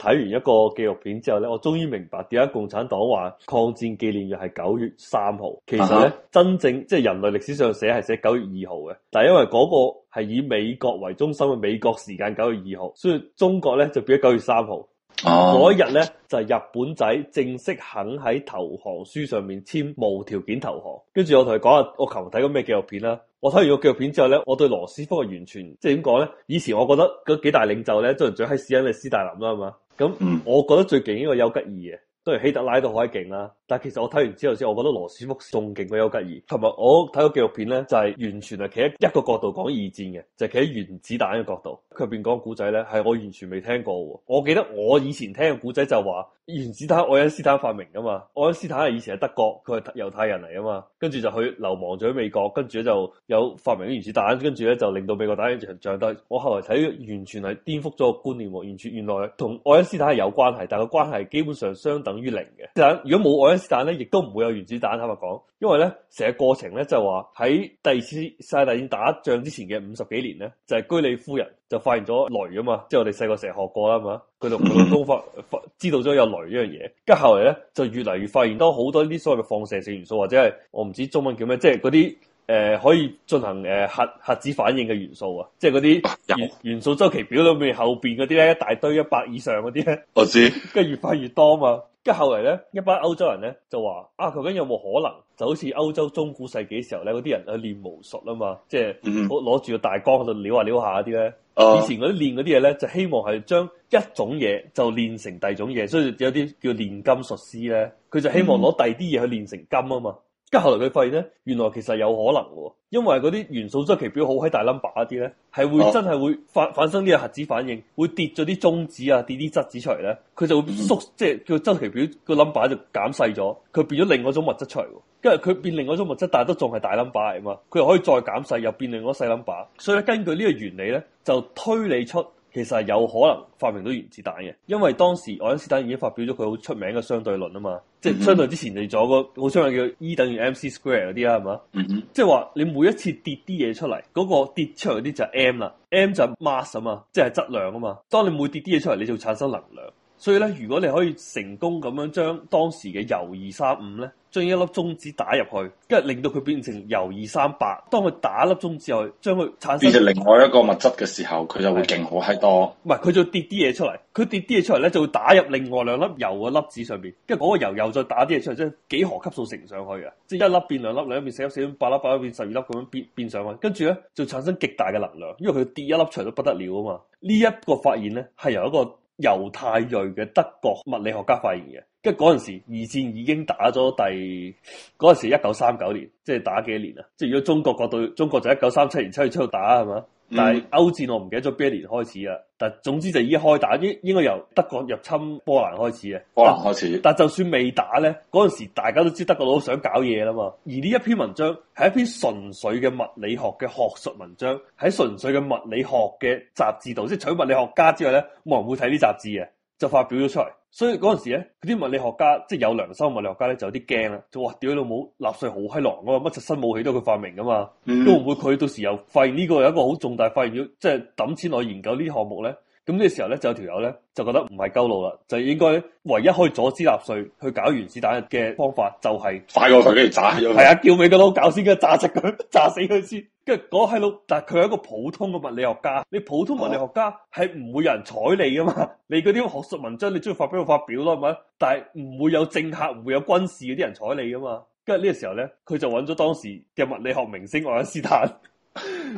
睇完一個紀錄片之後呢，我終於明白點解共產黨話抗戰紀念日係九月三號，其實呢，uh huh. 真正即係人類歷史上寫係寫九月二號嘅，但係因為嗰個係以美國為中心嘅美國時間九月二號，所以中國呢就變咗九月三號。嗰一日咧就係、是、日本仔正式肯喺投降書上面簽無條件投降，跟住我同佢講下，我琴日睇過咩紀錄片啦。我睇完個紀錄片之後咧，我對羅斯福係完全即係點講咧，以前我覺得嗰幾大領袖咧，最最喺屎因係斯大林啦，係嘛？咁我覺得最勁應該係丘吉爾嘅，雖然希特拉都好鬼勁啦。但其實我睇完之後先，我覺得羅斯福仲勁過丘吉爾。同埋我睇個紀錄片咧，就係完全係企喺一個角度講二戰嘅，就係企喺原子彈嘅角度。佢入邊講古仔咧，係我完全未聽過喎。我記得我以前聽嘅古仔就話原子彈愛因斯坦發明㗎嘛，愛因斯坦係以前喺德國，佢係猶太人嚟㗎嘛，跟住就去流亡咗喺美國，跟住咧就有發明原子彈，跟住咧就令到美國打贏場仗。但我後來睇，完全係顛覆咗個觀念喎。完全原來同愛因斯坦係有關係，但係個關係基本上相等於零嘅。但如果冇愛因，但咧，亦都唔會有原子彈，坦白講，因為咧成個過程咧就話、是、喺第二次世界大戰打仗之前嘅五十幾年咧，就係、是、居里夫人就發現咗鐳啊嘛，即係我哋細個成日學過啦嘛，佢同佢老公發發知道咗有鐳呢樣嘢，跟住後嚟咧就越嚟越發現到多好多呢啲所謂嘅放射性元素，或者係我唔知中文叫咩，即係嗰啲誒可以進行誒、呃、核核子反應嘅元素啊，即係嗰啲元素周期表裏面後邊嗰啲咧，一大堆一百以上嗰啲咧，我知，跟住 越發越多啊嘛。咁後嚟咧，一班歐洲人咧就話：啊，究竟有冇可能？就好似歐洲中古世紀嘅時候咧，嗰啲人去練巫術啊嘛，即係攞住個大缸喺度撩下撩下啲咧。嗯、以前嗰啲練嗰啲嘢咧，就希望係將一種嘢就練成第二種嘢，所以有啲叫煉金術師咧，佢就希望攞第二啲嘢去練成金啊嘛。咁後來佢發現咧，原來其實有可能嘅，因為嗰啲元素周期表好喺大 number 一啲咧，係會真係會反反生呢個核子反應，會跌咗啲中子啊，跌啲質子出嚟咧，佢就會縮，即係叫周期表個 number 就減細咗，佢變咗另外一種物質出嚟。跟住佢變另外一種物質，但係都仲係大 number 啊嘛，佢又可以再減細，又變另外細 number。所以咧，根據呢個原理咧，就推理出。其實係有可能發明到原子彈嘅，因為當時愛因斯坦已經發表咗佢好出名嘅相對論啊嘛，即係相對之前你仲有個好出名叫 E 等於 MC square 嗰啲啦，係嘛？ 即係話你每一次跌啲嘢出嚟，嗰、嗰個跌出嚟啲就係 M 啦，M 就 mass 啊嘛，即係質量啊嘛。當你每跌啲嘢出嚟，你就產生能量。所以咧，如果你可以成功咁樣將當時嘅鈾二三五咧，將一粒中子打入去，跟住令到佢變成鈾二三八。當佢打粒中子入去，將佢產生另外一個物質嘅時候，佢就會勁好閪多。唔係，佢就跌啲嘢出嚟。佢跌啲嘢出嚟咧，就會打入另外兩粒鈾嘅粒子上邊。跟住嗰個鈾又再打啲嘢出嚟，即係幾何級數乘上去啊！即係一粒變兩粒，兩粒變四粒，四粒八粒，八粒變十二粒咁樣變變上去。跟住咧，就產生極大嘅能量，因為佢跌一粒出嚟都不得了啊嘛！呢一個發現咧，係由一個。猶太裔嘅德國物理學家發現嘅，跟住嗰時二戰已經打咗第嗰陣時一九三九年，即係打幾年啊？即係如果中國角度，中國就一九三七年七月七號打係嘛？但係歐戰我唔記得咗邊一年開始啊！嗯、但總之就已經開打，應應該由德國入侵波蘭開始啊！波蘭開始。但，但就算未打咧，嗰陣時大家都知德國佬想搞嘢啦嘛。而呢一篇文章係一篇純粹嘅物理學嘅學術文章，喺純粹嘅物理學嘅雜誌度，即係除咗物理學家之外咧，冇人會睇啲雜誌嘅，就發表咗出嚟。所以嗰陣時咧，佢啲物理學家即係有良心嘅物理學家咧，就有啲驚啦，就話：，屌你老母，納粹好閪狼啊，乜柒新武器都佢發明噶嘛，嗯、都唔會佢到時又發現呢、呢個有一個好重大發現要即係抌錢落去研究項呢啲項目咧？咁呢個時候咧，就有條友咧就覺得唔係鳩路啦，就是、應該唯一可以阻止納粹去搞原子彈嘅方法、就是，就係快過佢跟住炸咗。係啊，叫咪佢佬搞先，先，先，跟住炸實佢，炸死佢先。跟住嗰係咯，但係佢係一個普通嘅物理學家，你普通物理學家係唔會有人睬你噶嘛？你嗰啲學術文章，你中意發邊度發表咯，係咪？但係唔會有政客，唔會有軍事嗰啲人睬你噶嘛？跟住呢個時候咧，佢就揾咗當時嘅物理學明星愛因斯坦。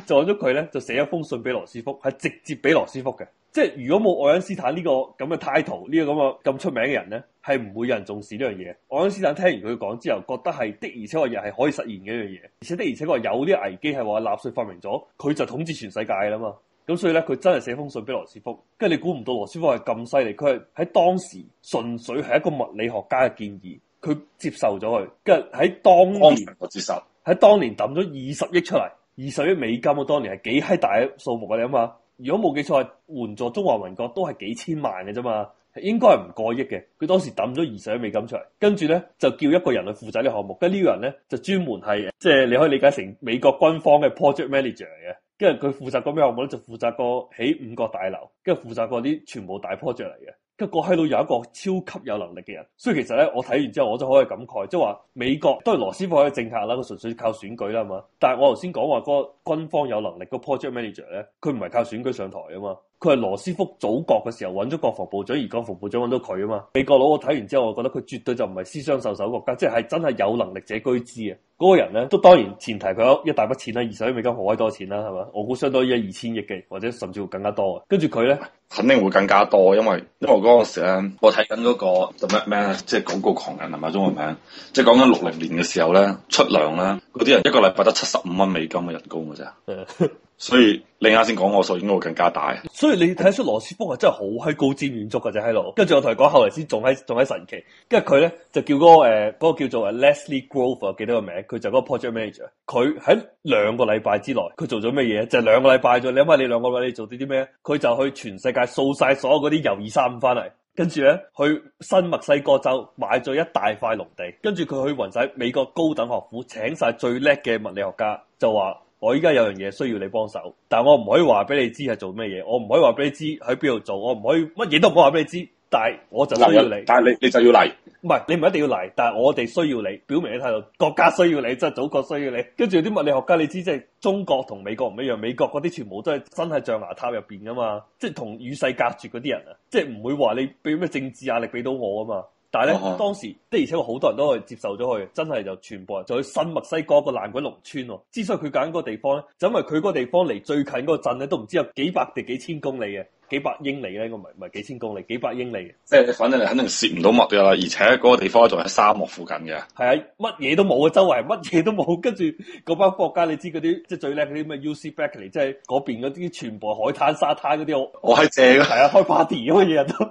就揾咗佢咧，就寫一封信俾羅斯福，係直接俾羅斯福嘅。即係如果冇愛因斯坦、這個、le, 個呢個咁嘅態度，呢個咁啊咁出名嘅人咧，係唔會有人重視呢樣嘢。愛因斯坦聽完佢講之後，覺得係的而且確又係可以實現嘅一樣嘢，而且的而且確有啲危機係話納粹發明咗佢就統治全世界啦嘛。咁所以咧，佢真係寫封信俾羅斯福，跟住你估唔到羅斯福係咁犀利，佢係喺當時純粹係一個物理學家嘅建議，佢接受咗佢，跟住喺當年當我接受喺當年抌咗二十億出嚟。二十億美金啊，當年係幾閪大嘅數目啊，你諗下，如果冇記錯，援助中華民國都係幾千萬嘅啫嘛，應該係唔過億嘅。佢當時抌咗二十億美金出嚟，跟住咧就叫一個人去負責呢個項目，跟呢個人咧就專門係，即係你可以理解成美國軍方嘅 project manager 嚟嘅，跟住佢負責嗰咩項目咧，就負責過起五角大樓，跟住負責過啲全部大 project 嚟嘅。一個喺度有一個超級有能力嘅人，所以其實咧，我睇完之後，我真可以感慨，即係話美國都係羅斯福嘅政客啦，佢純粹靠選舉啦，係嘛？但係我頭先講話嗰個軍方有能力個 project manager 咧，佢唔係靠選舉上台啊嘛。佢係羅斯福組閣嘅時候揾咗國防部長，而國防部長揾到佢啊嘛。美國佬我睇完之後，我覺得佢絕對就唔係私相授受國家，即係真係有能力者居之啊。嗰、那個人咧，都當然前提佢有一大筆錢啦，二十億美金好鬼多錢啦，係嘛？我估相當於一二千億嘅，或者甚至更加多。跟住佢咧，肯定會更加多，因為因為嗰個時候咧，我睇緊嗰個咩咩，即係廣告狂人係咪？中文名，即係講緊六零年嘅時候咧，出糧啦，嗰啲人一個禮拜得七十五蚊美金嘅人工嘅咋。 所以，所以你啱先講我數應該會更加大，所以你睇得出羅斯福係真係好係高瞻遠矚嘅，啫喺度跟住我同你講，後嚟先仲喺仲喺神奇。跟住佢咧就叫嗰、那個誒、呃那個叫做 Leslie Groves，幾、啊、記得個名？佢就嗰個 project manager。佢喺兩個禮拜之內，佢做咗咩嘢？就兩、是、個禮拜咗，你諗下你兩個位你做啲啲咩？佢就去全世界掃晒所有嗰啲鈾二三五翻嚟，跟住咧去新墨西哥州買咗一大塊農地，跟住佢去雲晒美國高等學府請晒最叻嘅物理學家，就話。我依家有樣嘢需要你幫手，但係我唔可以話俾你知係做咩嘢，我唔可以話俾你知喺邊度做，我唔可以乜嘢都唔好話俾你知，但係我就需要你。但係你你就要嚟，唔係你唔一定要嚟，但係我哋需要你，表明你態度，國家需要你，即係祖國需要你，跟住有啲物理學家你知，即係中國同美國唔一樣，美國嗰啲全部都係身喺象牙塔入邊噶嘛，即係同與世隔絕嗰啲人啊，即係唔會話你俾咩政治壓力俾到我啊嘛。但係咧，oh. 當時的而且確好多人都去接受咗佢，真係就全部人就去新墨西哥個爛鬼農村喎。之所以佢揀個地方咧，就因為佢個地方離最近嗰個鎮咧都唔知有幾百定、幾千公里嘅，幾百英里咧，應該唔係唔係幾千公里，幾百英里嘅。即係反正你肯定攝唔到麥嘅啦，而且嗰個地方仲係沙漠附近嘅。係啊，乜嘢都冇啊，周圍乜嘢都冇，跟住嗰班國家你知嗰啲即係最叻嗰啲咩？U C Berkeley 即係嗰邊嗰啲全部海灘沙灘嗰啲，我我係正嘅。係啊，開 party 咁嘅嘢都。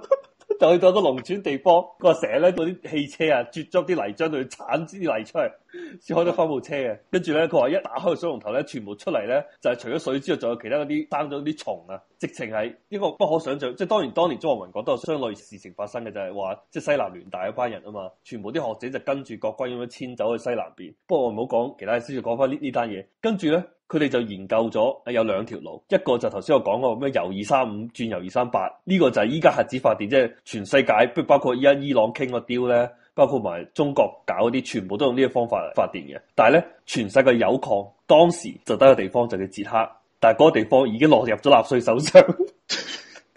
就去 到個農村地方，個成咧嗰啲汽車啊，掘咗啲泥漿，佢鏟啲泥出去。先開得翻部車嘅，跟住咧，佢話一打開個水龍頭咧，全部出嚟咧就係、是、除咗水之外，仲有其他嗰啲生咗啲蟲啊！直情係一個不可想象，即係當然當年中華民國都係相類事情發生嘅，就係、是、話即係西南聯大一班人啊嘛，全部啲學者就跟住國軍咁樣遷走去西南邊。不過我唔好講其他嘅事，先至講翻呢呢單嘢。跟住咧，佢哋就研究咗有兩條路，一個就頭先我講過咩由二三五轉由二三八，呢個就係依家核子發電，即係全世界包括依家伊朗傾個 deal 咧。包括埋中國搞嗰啲，全部都用呢個方法嚟發電嘅。但係呢，全世界有礦，當時就得個地方就叫捷克，但係嗰個地方已經落入咗納粹手上。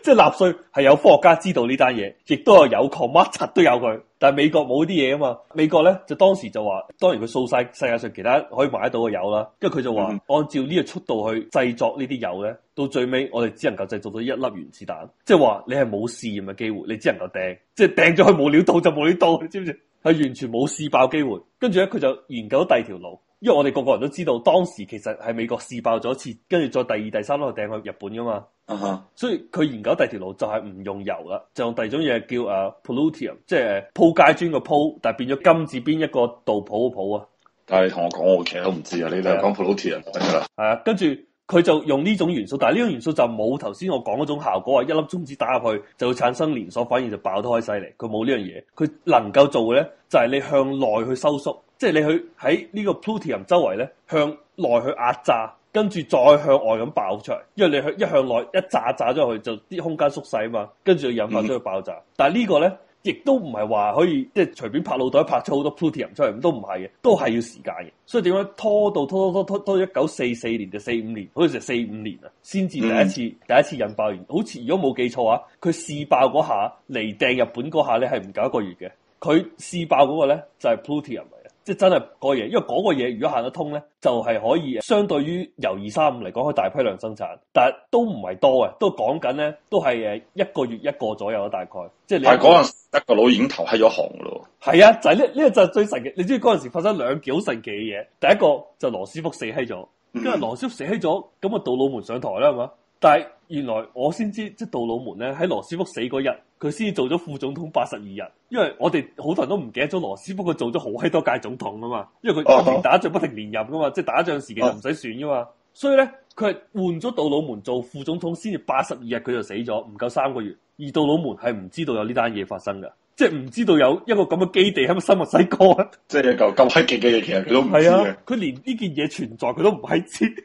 即係納粹係有科學家知道呢單嘢，亦都係有礦乜柒都有佢，但係美國冇啲嘢啊嘛。美國咧就當時就話，當然佢掃曬世界上其他可以買得到嘅油啦。跟住佢就話，嗯嗯按照呢個速度去製作呢啲油咧，到最尾我哋只能夠製作到一粒原子彈。即係話你係冇試驗嘅機會，你只能夠掟，即係掟咗佢冇料到就冇料到，你知唔知？係完全冇試爆機會。跟住咧佢就研究第二條路。因為我哋個個人都知道，當時其實係美國試爆咗一次，跟住再第二、第三個掟去日本噶嘛。Uh huh. 所以佢研究第二條路就係唔用油啦，就用第二種嘢叫誒、uh,，plutonium，即係鋪街磚個鋪，但係變咗金字邊一個道普普啊。但係你同我講，我其實都唔知啊，你哋係講 plutonium o。係啊，跟住。佢就用呢種元素，但係呢種元素就冇頭先我講嗰種效果，話一粒中子打入去就會產生連鎖反應就爆得開犀利，佢冇呢樣嘢。佢能夠做嘅咧就係、是、你向內去收縮，即係你去喺呢個 plutonium 周圍咧向內去壓榨，跟住再向外咁爆出嚟。因為你向一向內一炸炸咗入去就啲空間縮細啊嘛，跟住就引發咗個爆炸。但係呢個咧。亦都唔係話可以即係隨便拍腦袋拍出好多 plutonium 出嚟，都唔係嘅，都係要時間嘅。所以點解拖到拖拖拖拖到一九四四年定四五年，好似成四五年啊，先至第一次、嗯、第一次引爆完。好似如果冇記錯啊，佢試爆嗰下嚟掟日本嗰下咧係唔夠一個月嘅。佢試爆嗰個咧就係、是、plutonium。即係真係嗰嘢，因為嗰個嘢如果行得通咧，就係可以相對於由二三五嚟講，可以大批量生產，但係都唔係多嘅，都講緊咧，都係誒一個月一個左右啦，大概。即係嗰陣時一個佬已經投閪咗行咯。係 啊，就係呢呢個就係最神奇。你知唔知嗰陣時發生兩件好神奇嘅嘢？第一個就羅斯福死閪咗，因為羅斯福死閪咗，咁啊杜魯門上台啦，係嘛？但係原來我先知道，即杜魯門咧喺羅斯福死嗰日，佢先至做咗副總統八十二日。因為我哋好多人都唔記得咗羅斯福佢做咗好閪多屆總統啊嘛，因為佢不停打仗不停連任噶嘛，啊、即係打仗時期就唔使選噶嘛。所以咧佢係換咗杜魯門做副總統先至八十二日，佢就死咗，唔夠三個月。而杜魯門係唔知道有呢單嘢發生嘅，即係唔知道有一個咁嘅基地喺咪新墨西哥啊！ 即係一嚿咁閪勁嘅嘢，其實佢都唔知嘅。佢、啊、連呢件嘢存在佢都唔係知。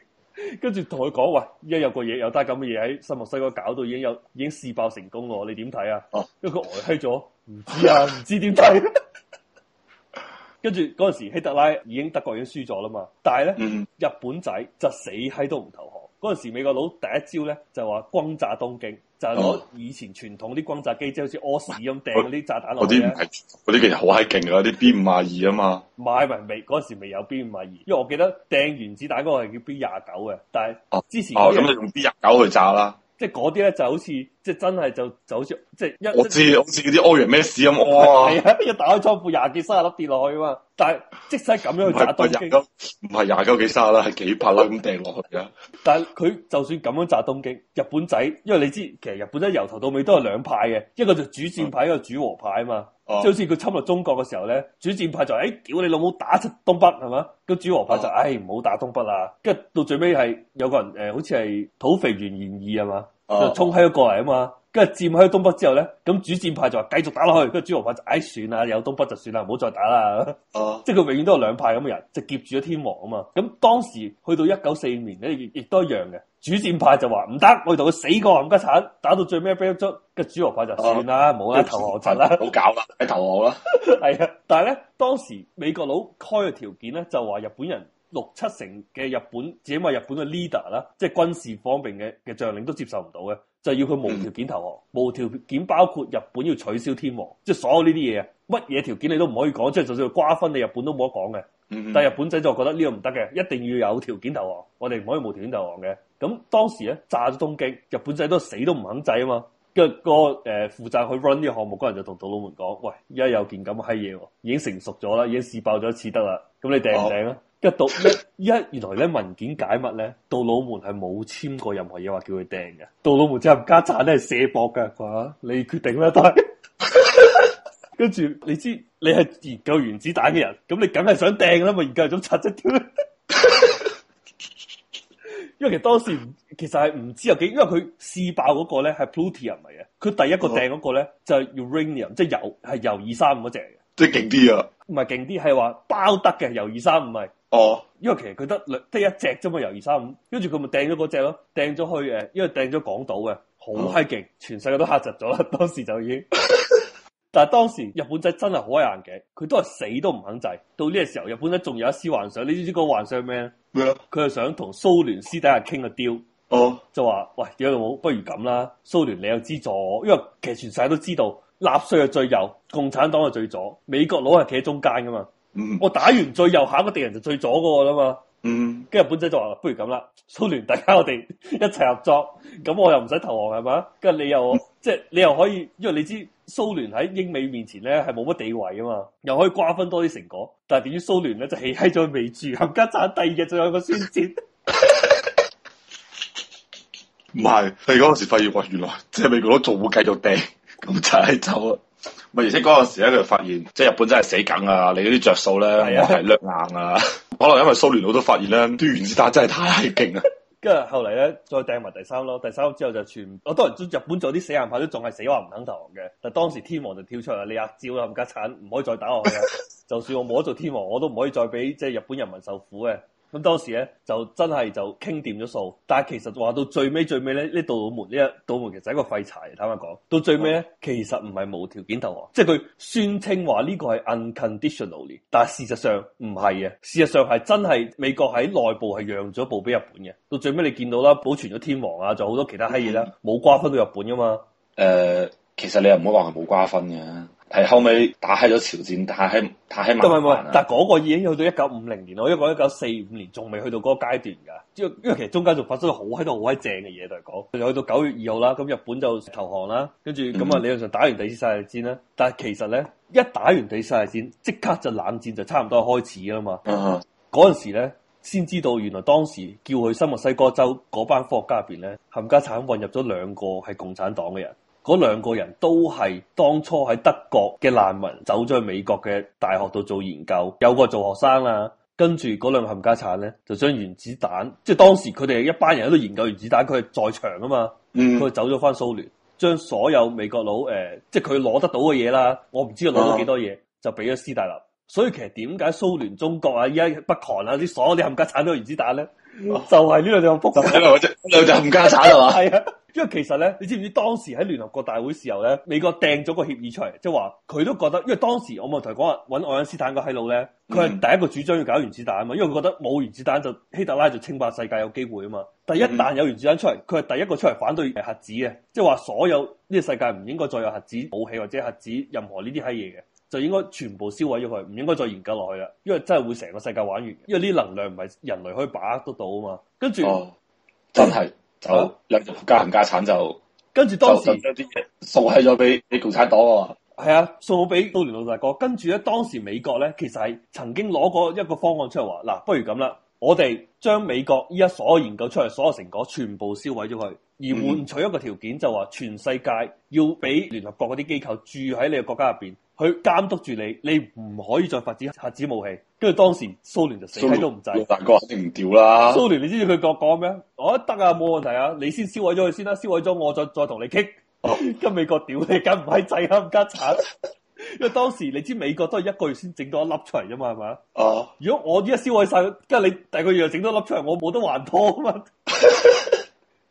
跟住同佢講，喂，而家有個嘢，有得咁嘅嘢喺新墨西哥搞到已經有已經試爆成功咯，你點睇啊？因為佢呆閪咗，唔、呃、知啊，唔知點睇、啊。 跟住嗰陣時，希特拉已經德國已經輸咗啦嘛，但係咧，mm. 日本仔就死閪都唔投降。嗰、那、陣、個、時，美國佬第一招咧就話轟炸東京。就攞以前傳統啲轟炸機，即係好似屙屎咁掟啲炸彈落去。嗰啲唔係，嗰啲其實好閪勁㗎，啲 B 五廿二啊嘛。買咪未？嗰陣時未有 B 五廿二，52，因為我記得掟原子彈嗰個係叫 B 廿九嘅。但係之前哦，咁、哦、就用 B 廿九去炸啦。即係嗰啲咧，就好似，即係真係就就好似，即係一我知，好似嗰啲哀人咩事啊嘛，係啊，要打開倉庫廿幾卅粒跌落去啊嘛，但係即使咁樣炸東京，唔係廿九，唔係廿九幾卅粒，係幾百粒咁掟落去啊！ 但係佢就算咁樣炸東京，日本仔，因為你知其實日本仔由頭到尾都係兩派嘅，一個就主戰派，嗯、一個主和派啊嘛。即好似佢侵略中國嘅時候咧，主戰派就誒、是，屌、哎、你老母打出東北係嘛，咁主和派就誒、是，唔好、啊哎、打東北啦，跟住到最尾係有個人誒、呃，好似係土肥原賢二係嘛，是啊、就衝起咗過嚟啊嘛。跟住佔喺東北之後咧，咁主戰派就話繼續打落去，跟住主和派就唉、哎、算啦，有東北就算啦，唔好再打啦。哦，uh, 即係佢永遠都有兩派咁嘅人，就劫住咗天皇啊嘛。咁當時去到一九四五年咧，亦都一樣嘅，主戰派就話唔得，我哋同佢死過冚家鏟，打到最尾。跟住主和派就、uh, 算啦，冇好啦投降啦，唔好搞啦，你投降啦。係啊， 但係咧當時美國佬開嘅條件咧，就話日本人。六七成嘅日本，只係因為日本嘅 leader 啦，即係軍事方面嘅嘅將領都接受唔到嘅，就要佢無條件投降。無條件包括日本要取消天皇，即係所有呢啲嘢啊，乜嘢條件你都唔可以講，即係就算佢瓜分你日本都冇得講嘅。但係日本仔就覺得呢個唔得嘅，一定要有條件投降，我哋唔可以無條件投降嘅。咁當時咧炸咗東京，日本仔都死都唔肯制啊嘛。跟住個誒負責去 run 呢個項目嗰人就同杜魯門講，喂，而家有件咁嘅閪嘢，已經成熟咗啦，已經試爆咗一次得啦，咁你掟唔掟啊？一讀一，一原來咧文件解密咧，杜魯門係冇簽過任何嘢話叫佢掟嘅。杜魯門之後家產咧係卸膊嘅，啩你決定啦，但係。 跟住你知你係研究原子彈嘅人，咁你梗係想掟啦，咪研究咗七七條。因為其實當時唔，其實係唔知有幾，因為佢試爆嗰個咧係 plutonium 嚟嘅，佢第一個掟嗰個咧就係、是、uranium，即係鈾係鈾二三五嗰隻嘅。即係勁啲啊！唔係勁啲，係話包得嘅鈾二三唔係。哦，因為其實佢得得一隻啫嘛，鈾二三五，跟住佢咪掟咗嗰隻咯，掟咗去誒，因為掟咗港島嘅，好閪勁，全世界都吓窒咗啦，當時就已經。 但係當時日本仔真係好閪硬頸，佢都係死都唔肯制。到呢個時候，日本仔仲有一絲幻想，你知唔知個幻想係咩咩啊？佢係麼想同蘇聯私底下傾個 deal 就話喂屌老母，不如咁啦，蘇聯你又知咗。」因為其實全世界都知道，納粹係最右，共產黨係最左，美國佬係企喺中間噶嘛。嗯、我打完最右下個敵人就最左個啦嘛，跟、嗯、日本仔就話不如咁啦，蘇聯大家我哋一齊合作，咁我又唔使投降係嘛，跟住你又、嗯、即係你又可以，因為你知蘇聯喺英美面前咧係冇乜地位啊嘛，又可以瓜分多啲成果，但係點知蘇聯咧就起喺咗未住，冚家鏟第二日仲有一個宣戰，唔係， 係嗰個時發現話原來即係美國仲會繼續地咁踩走啊。咪而且嗰陣時咧，佢就發現，即係日本真係死梗啊！你嗰啲着數咧係掠硬啊， 可能因為蘇聯佬都發現咧，啲原子彈真係太勁啊。跟住 後嚟咧，再掟埋第三咯，第三之後就全，我當然，即日本做啲死硬派都仲係死話唔肯投降嘅。但係當時天皇就跳出嚟，你阿招冚家鏟唔可以再打落去。 就算我冇得做天皇，我都唔可以再俾即係日本人民受苦嘅。咁當時咧就真係就傾掂咗數，但係其實話到最尾最尾咧，呢道門呢道門其實係一個廢柴。坦白講，到最尾咧其實唔係無條件投降，即係佢宣稱話呢個係 unconditionally，但係事實上唔係啊。事實上係真係美國喺內部係讓咗步俾日本嘅。到最尾你見到啦，保存咗天皇啊，仲有好多其他閪嘢啦，冇、嗯、瓜分到日本噶嘛？誒、呃，其實你又唔好話係冇瓜分嘅。係後尾打喺咗朝鮮，打喺打唔係唔係，但係嗰個已經去到一九五零年咯，因為一九四五年仲未去到嗰個階段噶。因為因為其實中間仲發生咗好閪多好閪正嘅嘢嚟講。就去到九月二號啦，咁日本就投降啦，跟住咁啊理論上打完第二次世界戰啦。但係其實咧一打完第二次世界戰，即刻就冷戰就差唔多開始啦嘛。嗰陣、uh huh. 時咧先知道原來當時叫佢新墨西哥州嗰班科學家入邊咧，冚家鏟混入咗兩個係共產黨嘅人。嗰兩個人都係當初喺德國嘅難民，走咗去美國嘅大學度做研究，有個做學生啦，跟住嗰兩冚家鏟咧，就將原子彈，即係當時佢哋一班人喺度研究原子彈，佢係在場啊嘛，佢走咗返蘇聯，將所有美國佬誒，即係佢攞得到嘅嘢啦，我唔知佢攞咗幾多嘢，就俾咗斯大林。所以其實點解蘇聯、中國啊、依家北韓啊，啲所有啲冚家鏟都原子彈咧？就係、是、呢個地方兩樣福，兩樣冚家鏟係嘛？ 因為其實咧，你知唔知當時喺聯合國大會時候咧，美國掟咗個協議出嚟，即係話佢都覺得，因為當時我咪同你講話搵愛因斯坦個閪佬咧，佢係第一個主張要搞原子彈啊嘛，因為佢覺得冇原子彈就希特拉就稱霸世界有機會啊嘛，但係一旦有原子彈出嚟，佢係第一個出嚟反對核子嘅，即係話所有呢個世界唔應該再有核子武器或者核子任何呢啲閪嘢嘅，就應該全部銷毀咗佢，唔應該再研究落去啦，因為真係會成個世界玩完嘅，因為呢啲能量唔係人類可以把握得到啊嘛，跟住、哦、真係。 就家座家產，就跟住當時將啲嘢送係咗俾你共產黨喎。係啊，送咗俾蘇聯老大哥。跟住咧，當時美國咧，其實係曾經攞過一個方案出嚟話：嗱，不如咁啦，我哋將美國依家所有研究出嚟所有成果全部銷毀咗佢，而換取一個條件，嗯、就話全世界要俾聯合國嗰啲機構住喺你嘅國家入邊，佢監督住你，你唔可以再發展核子武器。跟住當時蘇聯就死都唔制，美國肯定唔屌啦。蘇聯，你知知佢講講咩？我得、哦、啊，冇問題啊，你先銷毀咗佢先啦、啊，銷毀咗我再再同你傾。哦、 跟美國屌你，梗唔係制啦，唔加慘。 因為當時你知美國都係一個月先整到一粒出嚟啫嘛，係咪？哦、如果我依家銷毀晒，跟住你第二個月又整多一粒出嚟，我冇得還拖啊嘛。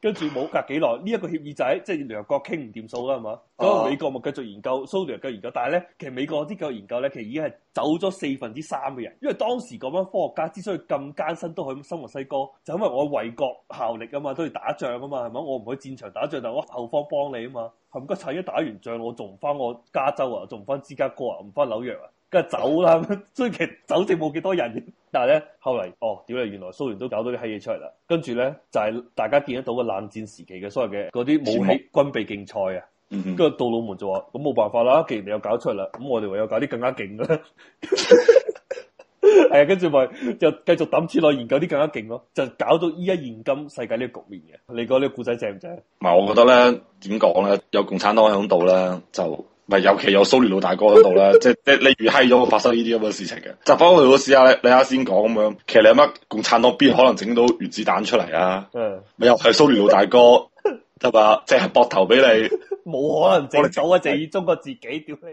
跟住冇隔幾耐，呢、這、一個協議仔、就是、即係兩國傾唔掂數啦，係嘛？所以、啊、美國咪繼續研究，蘇聯繼續研究，但係咧，其實美國啲繼續研究咧，其實已經係走咗四分之三嘅人，因為當時嗰班科學家之所以咁艱辛都喺新墨西哥，就因為我為國效力啊嘛，都要打仗啊嘛，係嘛？我唔可以戰場打仗，但我後方幫你啊嘛，係唔該曬。一打完仗，我仲唔翻我加州啊，仲唔翻芝加哥啊，唔翻紐約啊。跟住走啦，所以其實真正冇幾多人。但係咧，後嚟，哦，屌你原來蘇聯都搞到啲閪嘢出嚟啦。跟住咧，就係、是、大家見得到個冷戰時期嘅所謂嘅嗰啲武器軍備競賽啊。跟住杜魯門就話，咁冇辦法啦，既然你又搞出嚟啦，咁我哋唯有搞啲更加勁啦。係，跟住咪就繼續抌錢落研究啲更加勁咯，就搞到依家現今世界呢個局面嘅。你講呢個故仔正唔正？唔係，我覺得咧，點講咧？有共產黨喺度咧，就。尤其有蘇聯老大哥喺度啦， 即係即係你預係咗發生呢啲咁嘅事情嘅，集翻佢去試下咧，你啱先講咁樣，其實你有乜共產黨邊可能整到原子彈出嚟啊？嗯，咪又係蘇聯老大哥，就 吧？即係膊頭俾你，冇 可能整走，啊！就以中國自己屌你。